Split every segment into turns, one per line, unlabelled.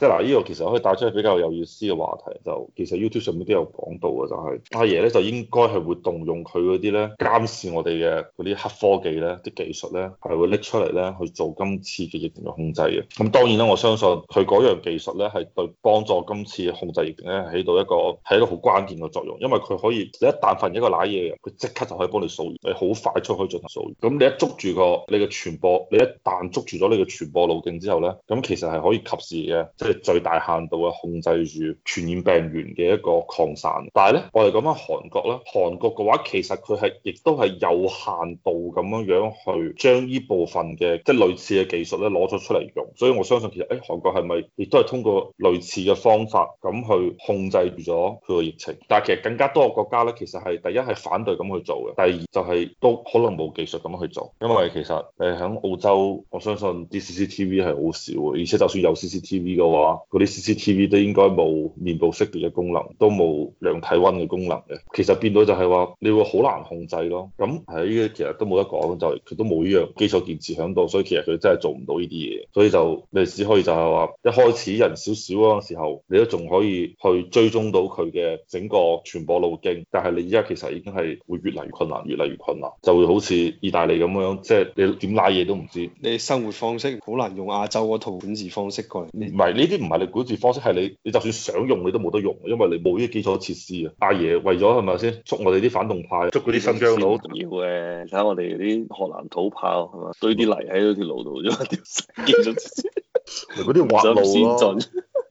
即係嗱，依個其實可以帶出比較有意思嘅話題，就其實 YouTube 上面都有講到嘅，就係阿爺咧就應該係會動用佢嗰啲咧監視我哋嘅嗰啲黑科技咧，啲技術咧係會拎出嚟咧去做今次嘅疫情嘅控制嘅。咁當然啦，我相信佢嗰樣技術咧係對幫助今次嘅控制疫情咧起到一個係一個好關鍵嘅作用，因為佢可以你一旦發現一個瀨嘢嘅，佢即刻就可以幫你掃完，你好快速可以進行掃完。咁你一捉住個你嘅傳播，你一旦捉住咗你嘅傳播路徑之後咧，咁其實係可以及時嘅。最大限度嘅控制住傳染病源嘅一個擴散，但係咧，我哋講翻韓國啦，韓國嘅話其實佢係亦都係有限度咁樣樣去將呢部分嘅即係類似嘅技術咧攞咗出嚟用，所以我相信其實誒、哎、韓國係咪亦都係通過類似嘅方法咁去控制住咗佢個疫情？但係其實更加多嘅國家咧，其實係第一係反對咁去做嘅，第二就係都可能冇技術咁樣去做，因為其實誒喺澳洲，我相信啲 CCTV 係好少嘅，而且就算有 CCTV 嘅話，話嗰啲 CCTV 都應該冇面部識別嘅功能，都冇量體温嘅功能嘅。其實變到就係話，你會好難控制咯。咁係呢啲其實都冇得講，就佢都冇依樣基礎建設響度，所以其實佢真係做唔到呢啲嘢。所以就你只可以就係話，一開始人少少嗰陣時候，你都仲可以去追蹤到佢嘅整個傳播路徑。但係你而家其實已經係會越嚟越困難，越嚟越困難，就會好似意大利咁樣，即係你點拉嘢都唔知。你生活方式好難用亞洲嗰套管治方式過嚟。唔係。呢啲唔係你管制方式，係你你就算想用你都冇得用，因為你冇呢啲基礎設施啊！阿爺為咗係咪
先捉我哋啲反動派，捉嗰啲新疆佬重要嘅，睇下我哋啲河南土炮係嘛，堆啲泥喺嗰條路度咗，啲基礎設施嗰啲挖路咯、啊。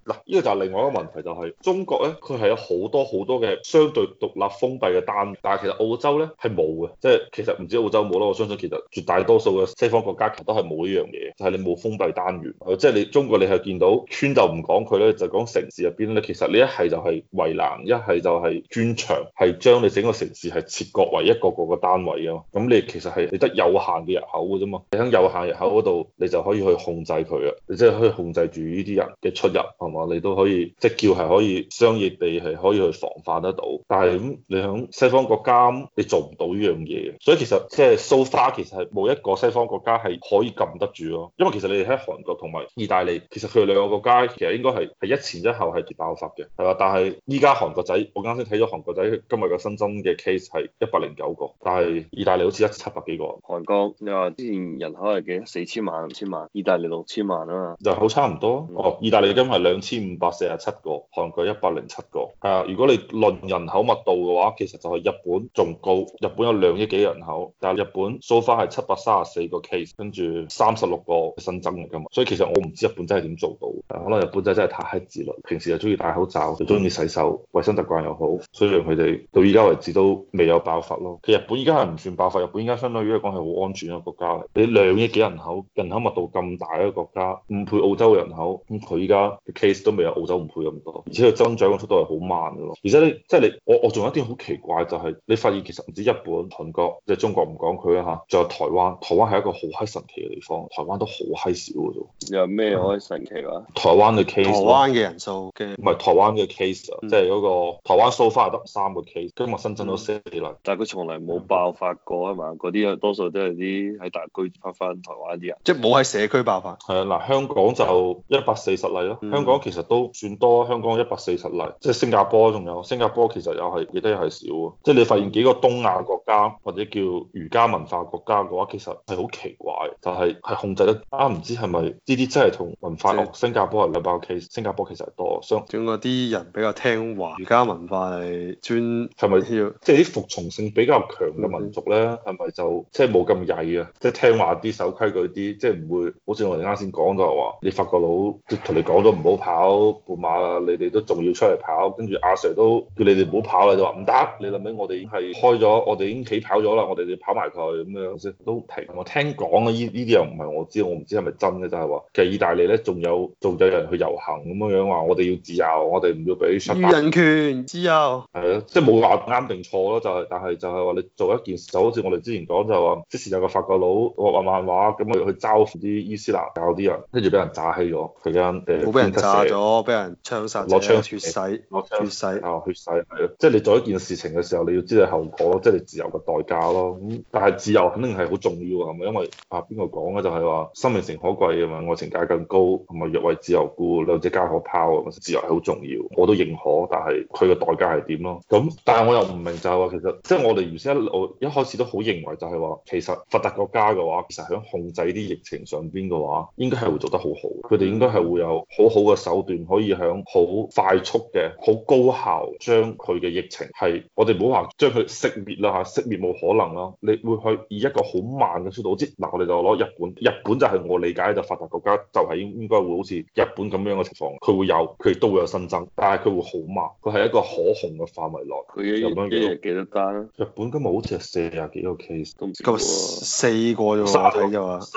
呢個就係另外一個問題，就是，就係中國咧，佢係有好多好多嘅相對獨立封閉嘅單，但係其實澳洲咧係冇嘅，即係其實唔止澳洲冇啦，我相信其實絕大多數嘅西方國家其實都係冇呢樣嘢，就係、是、你冇封閉單元，即係你中國你係見到村就唔講佢咧，就講城市入邊咧，其實你一係就係圍欄，一係就係磚牆，係將你整個城市係切割為一個個嘅單位啊嘛，咁你其實係你得有，有限嘅入口嘅啫嘛，你喺有限入口嗰度，你就可以去控制佢啊，你即係可以控制住呢啲人嘅出入係嘛你。都可以，即叫係可以商業地係可以去防範得到。但係咁你響西方國家，你做唔到呢樣嘢。所以其實即係 so far，其實係冇一個西方國家係可以撳得住咯。因為其實你哋喺韓國同埋意大利，其實佢哋兩個國家其實應該係係一前一後係跌爆發嘅，係嘛？但係依家韓國仔，我啱先睇咗韓國仔今日嘅新增嘅 case 係一百零九個，但係意大利好似一七百幾個韓國，你話之前人口係幾多、啊、多？四千萬五千萬，意大利六千萬啊就好差唔多。哦，意大利今日兩千五百四十七個，韓國一百零七個，啊。如果你論人口密度嘅話，其實就係日本仲高。日本有兩億幾人口，但係日本 so far 係七百三十四個 case，跟住三十六個新增嘅今日。所以其實我唔知日本真係點做到，可能日本真係真係太黑自律。平時又中意戴口罩，又中意洗手，衞生習慣又好，所以佢哋到依家為止都未有爆發咯。其實日本依家係唔算爆發，日本依家相當於嚟講係好安全嘅一個國家。你兩億幾人口，人口密度咁大嘅國家，唔配澳洲嘅人口，咁佢依家嘅 case 都。澳洲唔配咁多，而且佢增長個速度係好慢嘅咯。而且你即係、就是、你，我我仲有一啲好奇怪就係，你發現其實唔止日本、韓國，即係中國唔講佢啦嚇，仲有台灣。台灣係一個好閪神奇嘅地方，台灣都好閪少嘅啫。有咩可以神奇啊？嗯。台灣嘅 case、嗯那個、台灣嘅人數 c 唔係台灣嘅 case 啊，即係嗰個台灣 so far 得三個 case，今日
深圳都四例，嗯、但係佢從嚟冇爆發過啊嘛。嗰啲啊多數都係啲喺大陸居住翻台灣啲人，即係冇喺社區爆發。係啊，嗱，香港就一百四十例咯。香港
其實、嗯。都算多，香港一百四十例，即係新加坡仲有，新加坡其實又係，亦都又係少，即係你發現幾個東亞國家或者叫儒家文化國家嘅話，其實係好奇怪，就係係控制得啊，唔知係咪呢啲真係同文化落、就是、新加坡係兩百 K，新加坡其實係多，相。點解啲人比較聽話？儒家文化係專，係咪要即係啲服從性比較強嘅民族咧？係咪、嗯嗯、就即係冇咁曳啊？即、就、係、是就是、聽話啲，守規矩啲，即係唔會好似我哋啱先講就係話，你發覺法國佬即同你講咗唔好跑。都半馬啦！你哋都仲要出嚟跑，跟住阿 Sir 都叫你哋唔好跑啦，就話唔得。你諗下，我哋已經係開咗，我哋已經起跑咗啦，我哋要跑埋佢咁樣先都停。我聽講啊，呢呢啲又唔係我知，我唔知係咪真嘅，就係話其實意大利咧仲有做咗人去遊行咁樣話，我哋要自由，我哋唔要俾殺。人
權自由係啊，即係冇
話啱定錯咯，就係但係就係話你做一件事，事就好似我哋之前講就話之前有個法國佬畫漫畫，咁佢去招呼啲伊斯蘭教啲人，跟住俾人炸起咗，佢間誒。冇俾人炸起咗。俾人
我俾人槍殺咗，攞
槍血洗，攞洗槍血洗啊，血洗係咯，即係你做一件事情嘅時候，你要知道後果咯，即係你自由嘅代價咯。咁但係自由肯定係好重要啊，係咪？因為啊，邊個講嘅就係話生命誠可貴啊嘛，愛情價更高，同埋若為自由故，兩者皆可拋啊嘛。自由係好重要，我都認可，但係佢嘅代價係點咯？咁但係我又唔明就係話，其實即係我哋原先一我一開始都好認為就係話，其實發達國家嘅話，其實喺控制啲疫情上邊嘅話，應該係會做得好好，佢哋應該係會有好會有好嘅手。可以響好快速嘅、好高效將佢嘅疫情係，我哋唔好話將佢熄滅啦嚇，熄滅冇可能啦。你會去以一個好慢嘅速度，即係嗱，我哋就攞日本，日本就係我理解就發達國家，就係、是、應應該會好似日本咁樣嘅情況，佢會有，佢亦都會有新增，但係佢會好慢，佢係一個可控嘅範圍內。佢一日本幾多單？日本今日好似係四十幾個 case，咁少四個啫喎。三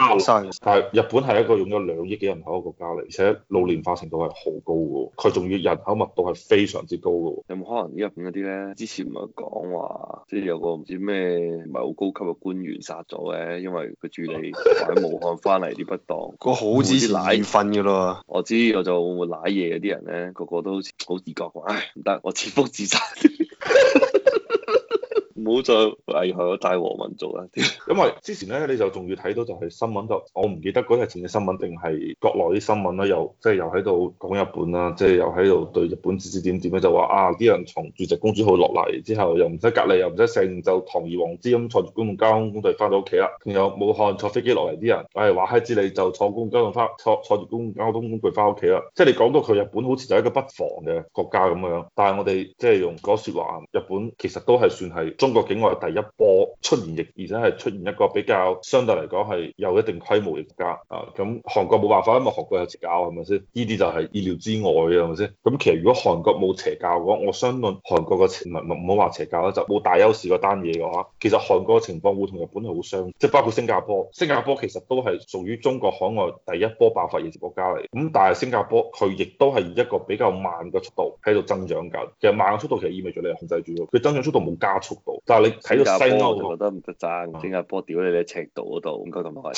日三日。係，日本係一個用咗兩億幾人口嘅國家嚟，而且老年化程度係。好
高嘅喎，佢仲要人口密度係非常之高嘅喎。有冇可能呢入面嗰啲咧？之前咪講話，即係有個唔知咩唔係好高級嘅官員殺咗嘅，因為佢住你喺武漢翻嚟啲不當。我好支持瞓嘅咯，我知，我就攋夜嗰啲人咧，個個都好似好自覺，唉，唔得，我切腹自殺。 唔好再危害我大和民族啦，啊！ 因為
之前咧，你就仲要睇到就係新聞，就我唔記得嗰日前嘅新聞定係國內啲新聞啦，又即係、就是、又喺度講日本啦，即、就、係、是、又喺度對日本指指點點咧，就話啊啲人從鑽石公主號落嚟之後，又唔使隔離，又唔使成，就堂而皇之咁坐住公共交通工具翻到屋企啦。仲有武漢坐飛機落嚟啲人，唉、哎、話嗨之你就坐公共交通翻坐坐住公共交通工具翻屋企啦。即、就、係、是、你講到佢日本好似就係一個不防嘅國家咁樣，但係我哋即係用嗰個說話，日本其實都係算係中國境外第一波出現疫，而且係出現一個比較相對嚟講係有一定規模嘅國家啊。咁、嗯、韓國冇辦法，因為韓國有邪教係咪先？呢啲就係意料之外嘅係咪先？咁、嗯、其實如果韓國冇邪教嘅話，我相信韓國嘅唔唔好話邪教啦，就冇大優勢嗰單嘢嘅話，其實韓國嘅情況會同日本係好相，即係包括新加坡。新加坡其實都係屬於中國海外第一波爆發疫嘅國家嚟。咁、嗯、但係新加坡佢亦都係以一個比較慢嘅速度喺度增長緊。其實慢嘅速度其實意味住你係控制住，佢增長速度冇加速度。但係你睇到西歐新加坡我就覺
得唔得爭。整、啊、加坡屌你喺赤道嗰度，應該咁耐，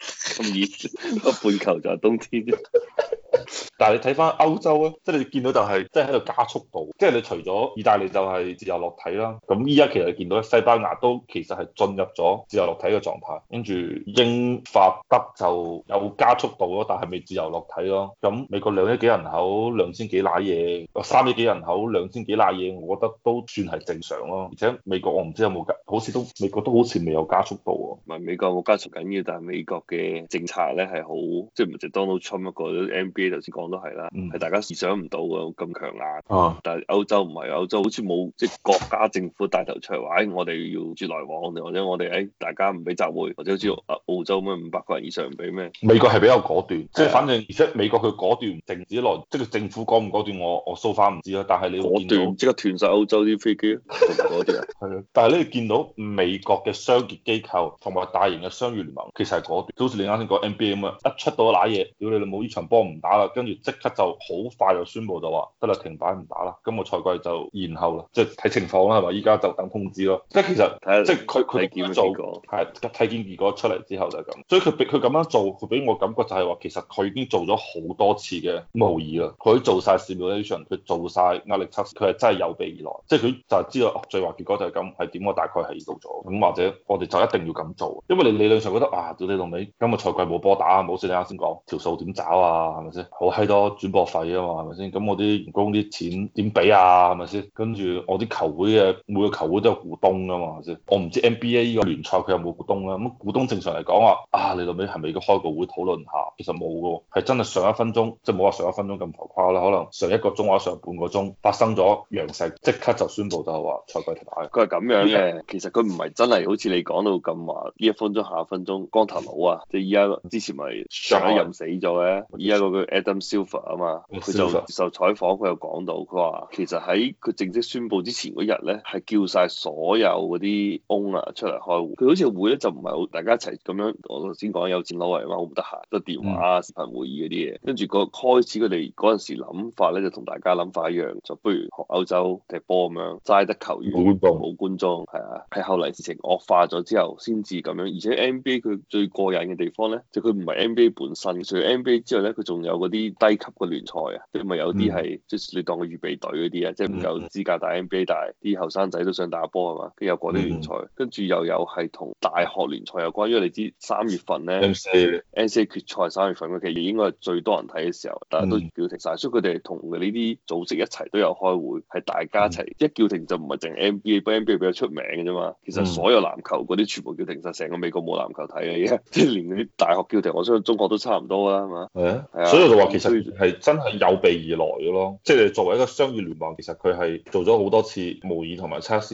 咁 熱，個半球就係冬天。 但係你睇翻
歐洲咧，即係你見到就係即係喺度加速度，即係你除咗意大利就係自由落體啦。咁依家其實你見到西班牙都其實係進入咗自由落體嘅狀態，跟住英法德就有加速度咯，但係未自由落體咯。咁美國兩億幾人口兩千幾奶嘢，三億幾人口兩千幾奶嘢，我覺得都算係正常咯。
而且美國我唔
知有冇加，好似都美國都好似未有加速度
喎。唔係美國有冇加速緊要，但係美國嘅政策咧係好即係唔係 Donald Trump 一個 NBA 頭先講。都係啦，係、嗯、大家預想唔到嘅咁強硬。啊、但係歐洲唔係歐洲好，好似冇即係國家政府帶頭出嚟話、哎，我哋要住來往，或者我哋誒、哎、大家唔俾集會，或者好似啊澳洲咁樣五百個人以上唔俾咩？美國係比較果斷，啊、即係反正而且美國佢果斷唔停止落，即
係政府果唔果斷我我數翻唔知啦。但係你果斷即刻斷晒歐洲啲飛機，係啊，但係你見到美國嘅商業機構同埋大型嘅商業聯盟，其實係果斷。好似你啱先講 NBA 咁啊，一出到瀨嘢，屌你老母！呢場波唔打啦，跟住。即刻就好快就宣布就話得啦，停擺唔打啦。今個賽季就延後啦，即係睇情況啦，係咪？依家就等通知咯。即係其實看即係佢佢做係睇見結果出嚟之後就係咁。所以佢俾佢咁樣做，佢俾我感覺就係話其實佢已經做咗好多次嘅模擬啦。佢做晒 simulation，佢做晒壓力測試，佢係真係有備而來。即係佢就係知道、哦、最壞結果就係咁係點，我大概係到咗咁，或者我哋就一定要咁做，因為你理論上覺得啊，屌你老尾，今個賽季冇波打，冇事。你啱先講條數點找啊，係咪先好？多轉播費啊嘛，係咪先？咁我啲員工啲錢點俾啊？係咪先？跟住我啲球會嘅每個球會都有股東噶嘛，係咪先？我唔知 NBA 呢個聯賽佢有冇股東啊？咁、嗯、股東正常嚟講話啊，嚟、啊、到尾係咪要開個會討論下？其實冇噶，係真係上一分鐘即係冇話上一分鐘咁浮誇啦。可能上一個鐘或者上半個鐘發生咗陽世即刻就宣佈就係話賽季停打。
佢係咁樣嘅，其實佢唔係真係好似你講到咁話，呢一分鐘下一分鐘。光頭佬啊，即係依家之前咪上一任死咗嘅、啊，依家嗰個 Adam 啊嘛，佢 Yeah, Silver. 就接受採訪，佢又講到，佢話其實喺佢正式宣佈之前嗰日咧，係叫晒所有嗰啲 owner 出嚟開會。佢好似會咧就唔係好，大家一齊咁樣。我頭先講有錢攞嚟啊嘛，好唔得閒，個電話視頻、mm. 會議嗰啲嘢。跟住個開始，佢哋嗰陣時諗法咧就同大家諗法一樣，就不如學歐洲踢波咁樣，齋得球員冇觀眾，係啊。係後嚟事情惡化咗之後，先至咁樣。而且 NBA 佢最過癮嘅地方咧，就佢唔係 NBA 本身。除咗 NBA 之外咧，佢仲有嗰啲。低級嘅聯賽啊，即係咪有啲係即係你當個預備隊嗰啲啊，即係唔夠資格打 NBA，但係啲後生仔都想打波啊嘛，跟住又講啲聯賽，嗯、跟住又有係同大學聯賽有關，因為你知三月份咧、嗯、NCAA 決賽三月份，嘅其實應該係最多人睇嘅時候，大家都叫停晒。嗯、所以佢哋同呢啲組織一齊都有開會，係大家一齊、嗯、一叫停就唔係淨 NBA，不過 NBA 比較出名嘅啫嘛，其實所有籃球嗰啲全部叫停晒，成個美國冇籃球睇嘅嘢，即係 連嗰啲大學叫停，我相信中國都差唔多啦係嘛？係啊，的的所以我就話其實。係真係有備
而來嘅咯，即係作為一個商業聯盟，其實佢係做咗好多次模擬同埋測試。